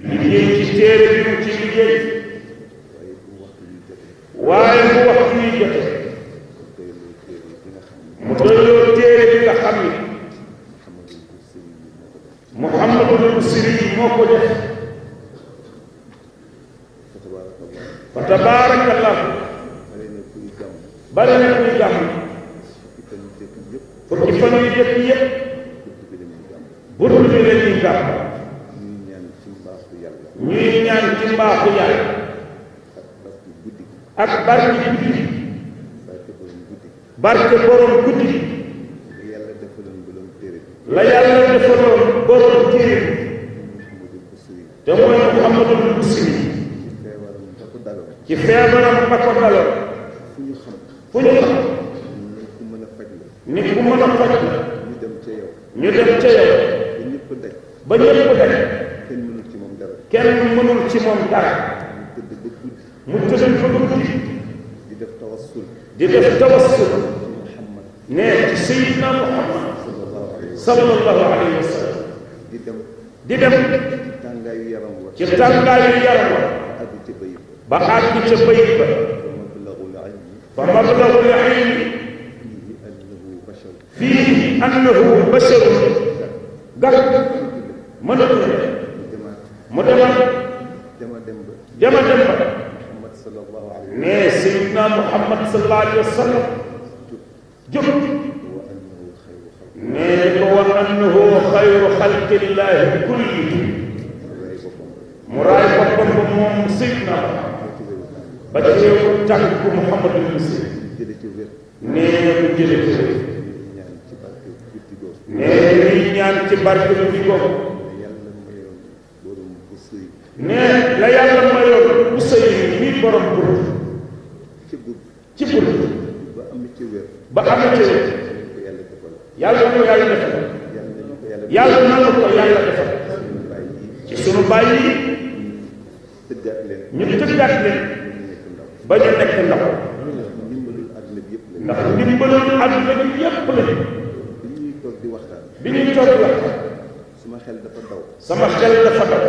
liggéey ci téere bi mu ci liggéey. liggéey ci mu ci liggéey. bi jotee. waaye bu waxtu bi jotee. mu doyloo téere bi nga xam ne. Muhammadul baaxu yàlla ak barke guddi gi barke borom guddi gi la yàlla defaloon borom téere ci feebaram ba ko daloon fu ñu xam ni ku mën a faj la ñu dem ca yow ba ñëpp daj kenn mënul ci moom dara. kenn mënul ci moom dara. mu tëdd ba guddi. mu tëdd fa ba guddi. di def tawassul. di def tawassul. nee ci Seydina Muhammad. sallallahu alayhi wa sallam. di dem. di dem. ci tàngaayu yaram wa. ci tàngaayu yaram wa. ba àgg ca bayit ba. ba àgg ca bayit ba. fa mablagul ilmi. fiihi annahu basharun gàtt mënatul mu demoon. dama dem ba. dama dem ba. Muhammad sallallahu alayhi wa sallam. mais Seydina Muhammad sallallahu alayhi wa sallam. jóg. nee ko wa annahu xayru xalqillaahi kulli. mu raay boppam ba moom Seydina ba ca teewu tànk Muhammadul Mustafa. nee mu jële ci wér. nee ñaan ci barke bi di ko. ne la yàlla mayoon Ousseynou mii borom bur ci ci bur ba am ci wér ba am ci wér yàlla ko yàlla defal na ko yàlla defal ci sunu bàyyi ñu tëggaat leen ba ñu nekk ndax ndimbalul àdduna bi yépp la bi ñuy toog di sama xel dafa daw sama xel dafa daw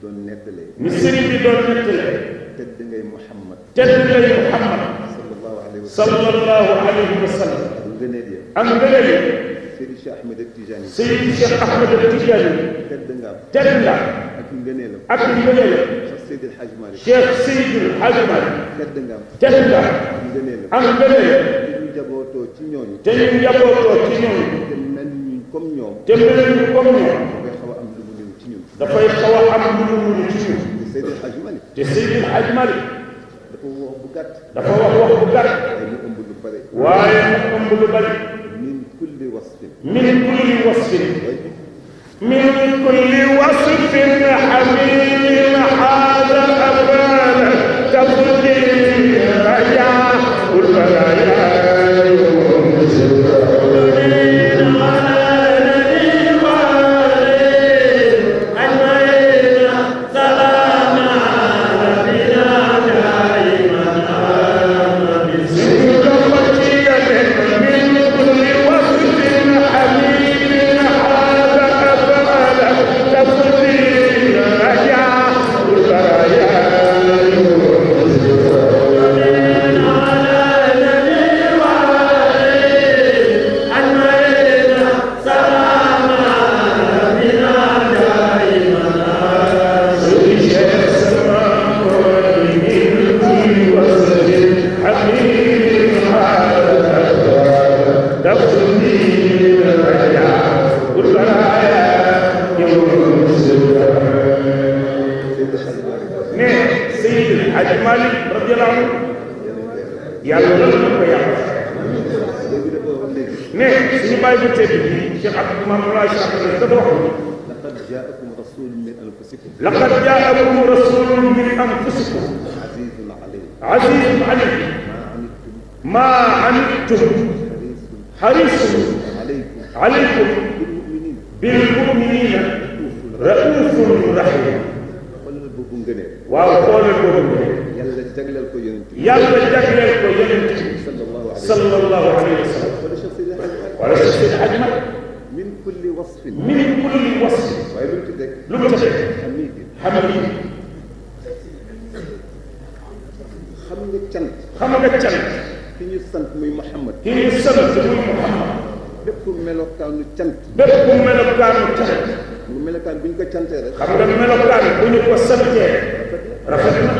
doon nettali. ni sëriñ bi doon nettali. tëdd ngay Muhammad. tëdd ngay Muhammad. sallallahu alayhi wa sallam. sallallahu alayhi wa sallam. am ngëneel ya. am ngëneel ya. Seydi Cheikh Ahmed Tidiane. Seydi Cheikh Ahmed Tidiane. tëdd nga. tëdd nga. ak ngëneelam. ak ngëneelam. Cheikh Seydi El Hadj Malick. Cheikh Seydi El Hadj Malick. tëdd nga. tëdd nga. am ngëneelam. am ngëneelam. te ñu jabootoo ci ñooñu. te ñu jabootoo ci ñooñu. te mel ñu comme ñoom. te mel ñu comme ñoom. dafay xaw a am lu mu mujj ci ñun. te Seydil Hadj Malick. te Seydil Hadj Malick. dafa wax bu gàtt. dafa wax wax bu gàtt. waaye mu ëmb lu bëri. waaye mu ëmb lu bëri. min kulli wasfin. min kulli wasfin. min kulli wasfin hamid Seydil Hadji Malick radiyallahu anhu yàlla lan la ko yàlla ne suñu bàyyi bu tedd bi Cheikh Abdou Mamoul Cheikh dafa wax laqad jaakum rasulun min anfusikum azizun alaykum ma anittum harisun alaykum bil muminina raufun rahim bu ngëneel waaw xoolal ko bu ngëneel yàlla jagleel ko yonent bi yàlla jagleel ko yonent bi sallallahu alayhi wa sallam wala Cheikh Seydi Hadji Malick min kulli wasfin min kulli wasfin waaye lu mu ci teg lu mu ci teg xamidi xamidi xam nga cant xam nga cant ki ñu sant muy Muhammad ki ñu sant muy Muhammad bépp melokaanu cant bépp melokaanu cant mu melokaan bu ñu ko cantee rek. xam nga melokaan bu ñu ko santee rafet na.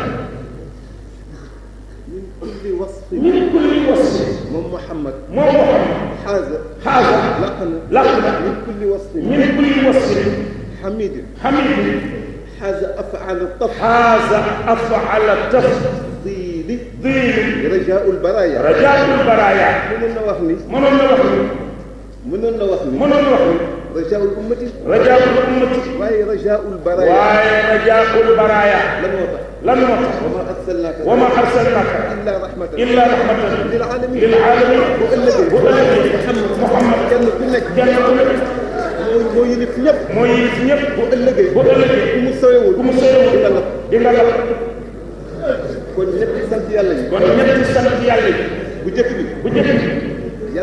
min kulli wasfi. min kulli wasfi. moom Mouhamad. moom Mouhamad. xaaza. xaaza. laq na. laq na. min kulli wasfi. min kulli wasfi. xamidin. xamidin. xaaza afala taf. xaaza afala taf. diili. diili. rajaul baraya. rajaul baraya. mënoon na wax ni. mënoon na wax ni. mënoon na wax ni. mënoon na wax ni. rajaaul ummati. rajaaul ummati. waaye rajaaul baraaya. waaye rajaaul baraaya. lan moo tax lan moo tax. wa ma arsalnaaka. wa ma arsalnaaka. illaa rahmatan. illaa rahmatan. lil aalamiin. lil aalamiin. bu ëllëgee. bu ëllëgee. Muhammad kenn ku nekk. kenn ku nekk. moo yilif ñëpp. moo yilif ñëpp. bu ëllëgee. bu ëllëgee. bu mu sowewul. bu mu sowewul di nga lap. di nga lap. kon ñetti sant yàlla yi. kon ñetti sant yàlla yi. bu njëkk bi bu njëkk bi.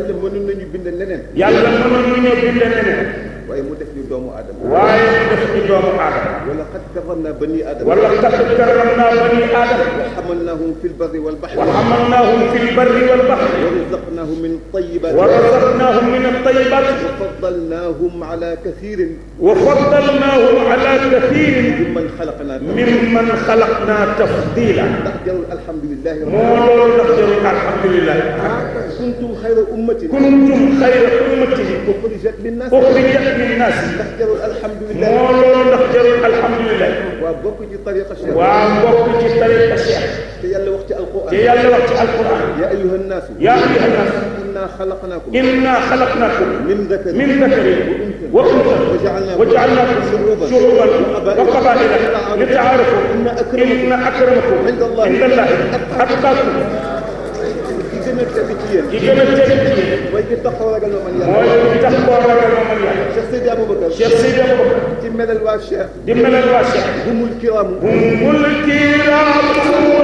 yàlla mënoon nañu bind leneen. yàlla mënoon nañu bind leneen. waaye mu def ñu doomu aadama waaye mu def ñu doomu aadama wala xat karam naa bani aadama wala xat karam naa bani aadama wa xamalnaahum fi lbarri walbaxri wa xamalnaahum fi lbarri walbaxri wa razaqnaahum min atayibat wa razaqnaahum min atayibat wa faddalnaahum ala kathirin wa faddalnaahum ala kathirin mimman xalaqnaa mimman xalaqnaa tafdila ndax jarul alhamdulilahi moo loolu ndax jarul alhamdulilahi kuntum xayra ummatin kuntum xayra ummatin uxrijat linnaas linaas ndax jarul alhamdulilah moo loolu ndax jarul alhamdulilah waaw bokk ci tariqa cheikh waaw bokk ci tariqa cheikh te yàlla wax ci alquran te yàlla wax ci alquran yaa ayuha nnaas yaa ayuha nnaas inna xalaqnaakum inna xalaqnaakum min dakarin min dakarin wa unsa wa jaalnaakum shuuban wa qabaa'ila li taarafu inna akramakum inda allahi atqaakum ki gën a tedd ci yéen ki gën a tedd ci yéen mooy ki tax koo ragal ma man yàlla. mooy ki tax koo ragal ma man yàlla. Cheikh Seydi Aboubacar. Cheikh Seydi Aboubacar. ci melal waa Cheikh. di melal waa Cheikh. bu mul kiraamu. bu mul kiraamu.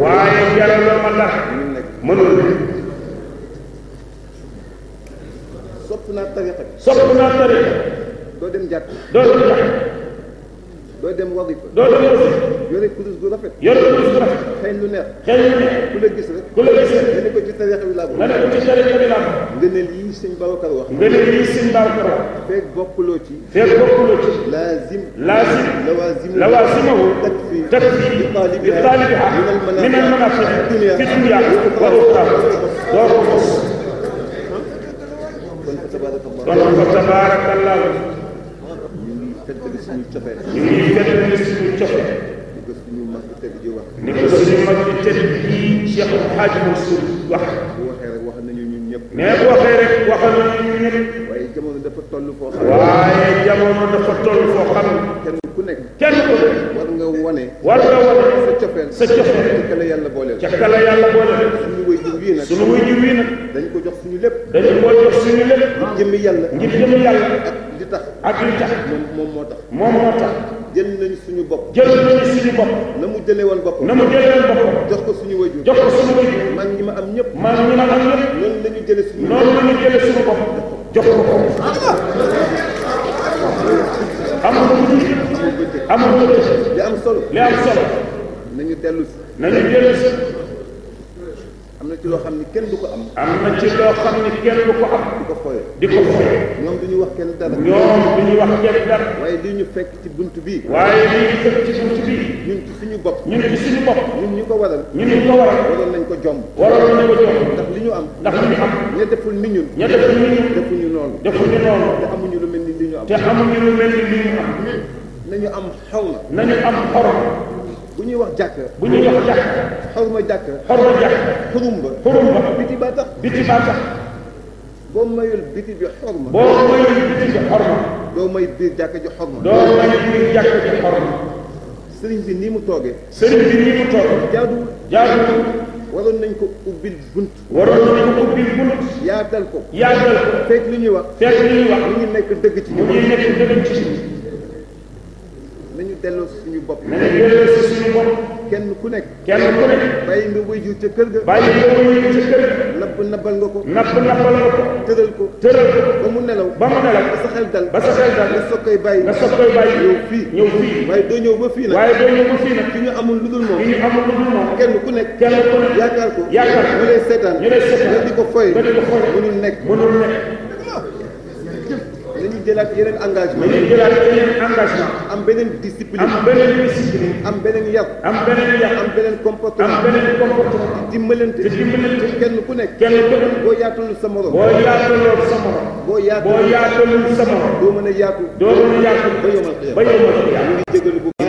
waaye jaral na ma ndax mënul ne sopp naa tariqa sopp naa tariqa doo dem jàkk doo dem jàkk doo dem wasifa doo dem wasifa yore kurus gu rafet yore kurus gu rafet xëy lu neex xëy lu neex ku la gis rek ku la gis rek nga ne ko ci tarixa bi laa bëgg nga ne ko ci tarixa bi laa bëgg nga ne lii sëñ Babacar wax nga ne lii sëñ Babacar wax feeg bokkuloo ci feeg bokkuloo ci laazim laazim lawaazim lawaasimahu takfi takfi li taalibiha min al manafi fi dunya wa uxra doo ko mos kon fa tabaarakallah feddali suñu cofeel. ñu ngi feddali suñu cofeel. ni ko suñu mag bi tedd ji wax. ni ko suñu mag bi tedd ji Cheikh Hadj Mansour wax. bu waxee rek wax nañu ñun ñëpp. mais bu waxee rek wax nañu ñun ñëpp. waaye jamono dafa toll foo xam. waaye jamono dafa toll foo xam. kenn ku nekk. kenn ku nekk. war nga wane. war nga wane sa cofeel. sa cofeel ca kala yàlla booleel. ca kala yàlla booleel. suñu wëy wii nag. suñu wëy wii nag. dañ ko jox suñu lépp. dañ ko jox suñu lépp. ngir jëmmi yàlla. ngir jëmmi yàlla. tax ak li tax moom moo tax moom moo tax jël nañ suñu bopp jël nañ suñu bopp na mu jëlee woon bopp na mu jëlee woon bopp jox ko suñu wajur jox ko suñu wajur man ñi ma am ñëpp man ñi ma am ñëpp noonu la ñu jëlee suñu noonu la ñu jëlee suñu bopp jox ko ko amul guddi amul bëccëg li am solo li am nañu dellu si nañu dellu ci loo xam ne kenn du ko am. am na ci loo xam ne kenn du ko am. di ko fooyee di ko fooyee. ñoom du ñu wax kenn dara. ñoom du ñu wax kenn dara. waaye li ñu fekk ci bunt bii. waaye li ñu fekk ci bunt bii. ñun ci suñu bopp. ñun ci suñu bopp. ñun ñu ko waral. ñun ñu ko waral. waroon nañ ko jomb. waroon nañ ko jomb. ndax li ñu am. ndax li ñu am. ña deful ni ñun. ña deful ni ñun. defuñu noonu. defuñu noonu. te amuñu lu mel ni li ñu am. te amuñu lu mel ni li ñu am. nañu am xaw na. nañu am xorom. bu ñuy wax jàkk bu ñuy wax jàkk ma jàkk xorma jàkk xurum ba xurum ba biti baa tax biti baa tax boo mayul biti bi xorma boo mayul biti bi xorma doo may biir jàkk ji xorma doo may sëriñ bi nii mu toogee sëriñ bi nii mu toogee jaaduwul jaaduwul nañ ko ubbil bunt waroon nañ ko ubbil bunt yaatal ko yaatal ko fekk li ñuy wax fekk li ñuy wax li ñu nekk dëgg ci ñu nekk dëgg ci delloo suñu bopp. nee na delloo si suñu bopp. kenn ku nekk. kenn ku nekk. bàyyi nga waajur ca kër ga. bàyyi nga napp nappal nga ko. napp nappal nga ko. tëral ko. tëral ba mu nelaw. ba mu nelaw ba sa xel dal. ba sa xel dal nga soog koy bàyyi. nga soog koy bàyyi ñëw fii. ñëw fii waaye doo ñëw ba fii nag. waaye doo ñëw ba fii nag. ki ñu amul lu dul moom. ki ñu amul lu dul moom. kenn ku nekk. kenn ku nekk yaakaar ko. yaakaar ñu lay seetaan nga di ko foy. nga di ko foy mënul nekk mënul nekk dañuy jëlaat yeneen engagement. dañuy jëlaat yeneen engagement. am beneen discipline. am beneen discipline. am beneen yar. am beneen yar. am beneen comportement. am beneen comportement. di dimbalante. di dimbalante kenn ku nekk. kenn ku nekk boo yaatalul sa morom. boo yaatalul sa morom. boo yaatalul sa morom. doo mën a yaatu. doo mën a yaatu ba yomal. ba yomal yaa ngi jégalu bu